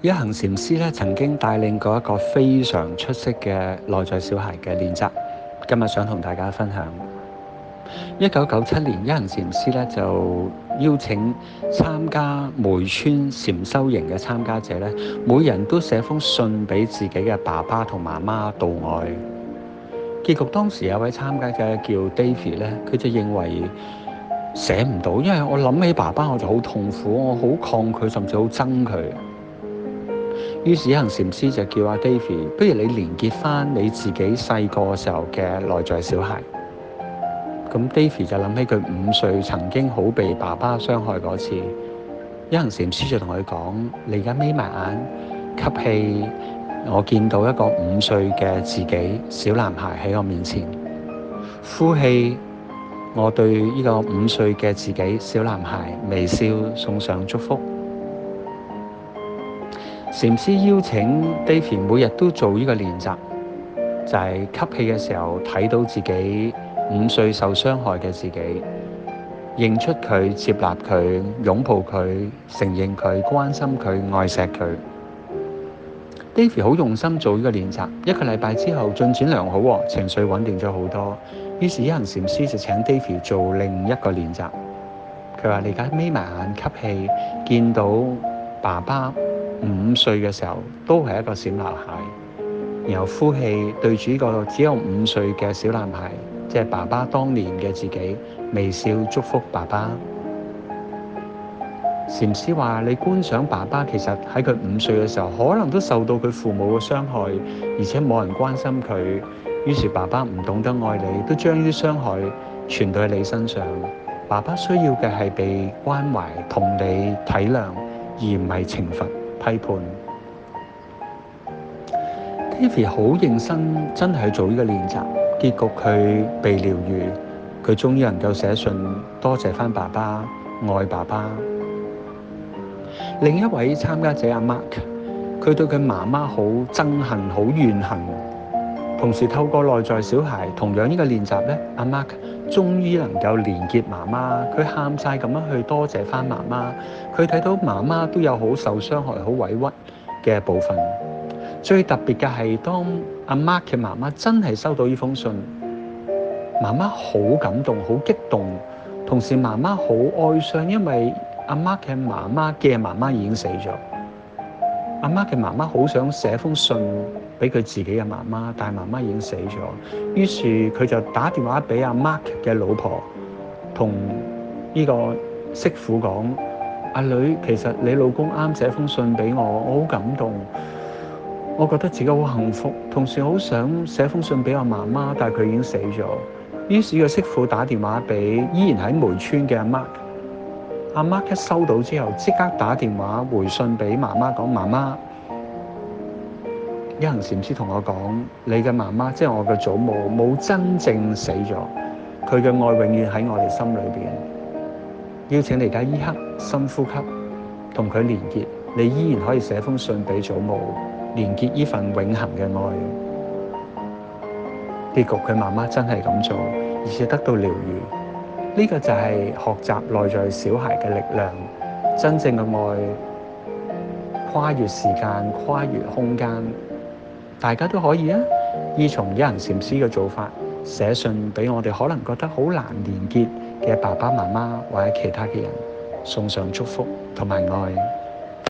一行禪師咧曾經帶領過一個非常出色嘅內在小孩嘅練習。今日想同大家分享，一九九七年一行禪師咧就邀請參加梅村禪修營嘅參加者咧，每人都寫封信俾自己嘅爸爸同媽媽道愛。結局當時有位參加者叫 David 咧，佢就認為寫唔到，因為我諗起爸爸我就好痛苦，我好抗拒，甚至好憎佢。於是一行禪師就叫阿 David，不如你連結翻你自己細個時候嘅內在小孩。咁 David 就諗起佢五歲曾經好被爸爸傷害嗰次。一行禪師就同佢講：你而家眯埋眼，吸氣，我見到一個五歲嘅自己小男孩喺我面前呼氣。我對呢個五歲嘅自己小男孩微笑送上祝福。禪師邀請 David 每日都做呢個練習，就係、是、吸氣嘅時候睇到自己五歲受傷害嘅自己，認出佢、接納佢、擁抱佢、承認佢、關心佢、愛錫佢。David 好用心做呢個練習，一個禮拜之後進展良好，情緒穩定咗好多。於是，一行禪師就請 David 做另一個練習。佢話：你而家眯埋眼吸氣，見到爸爸。五歲嘅時候都係一個小男孩，然後呼氣對住呢個只有五歲嘅小男孩，即係爸爸當年嘅自己，微笑祝福爸爸。禪師話：你觀賞爸爸，其實喺佢五歲嘅時候，可能都受到佢父母嘅傷害，而且冇人關心佢。於是爸爸唔懂得愛你，都將呢啲傷害傳到喺你身上。爸爸需要嘅係被關懷同你體諒，而唔係懲罰。批判 Tiffany 好認真，真係做呢個練習，結局佢被療愈，佢終於能夠寫信多謝翻爸爸，愛爸爸。另一位參加者阿 Mark，佢對佢媽媽好憎恨，好怨恨。同時透過內在小孩，同樣呢個練習咧，阿 Mark 終於能夠連結媽媽，佢喊晒咁樣去多謝返媽媽，佢睇到媽媽都有好受傷害、好委屈嘅部分。最特別嘅係，當阿 Mark 嘅媽媽真係收到呢封信，媽媽好感動、好激動，同時媽媽好哀傷，因為阿 Mark 嘅媽媽嘅媽媽，媽媽已經死咗。阿 Mark 嘅媽媽好想寫封信俾佢自己嘅媽媽，但係媽媽已經死咗。於是佢就打電話俾阿 Mark 嘅老婆，同呢個媳婦講：阿女，其實你老公啱寫封信俾我，我好感動，我覺得自己好幸福。同時好想寫封信俾我媽媽，但係佢已經死咗。於是個媳婦打電話俾依然喺梅村嘅阿 Mark。阿媽一收到之後，即刻打電話回信俾媽媽，講媽媽，一行禪師同我講：你嘅媽媽即係、就是、我嘅祖母，冇真正死咗，佢嘅愛永遠喺我哋心裏面。邀請你而家依刻深呼吸，同佢連結，你依然可以寫一封信俾祖母，連結依份永恆嘅愛。結局佢媽媽真係咁做，而且得到療愈。呢個就係學習內在小孩嘅力量，真正嘅愛，跨越時間、跨越空間，大家都可以啊！依從一行禪師嘅做法，寫信俾我哋可能覺得好難連結嘅爸爸媽媽或者其他嘅人，送上祝福同埋愛。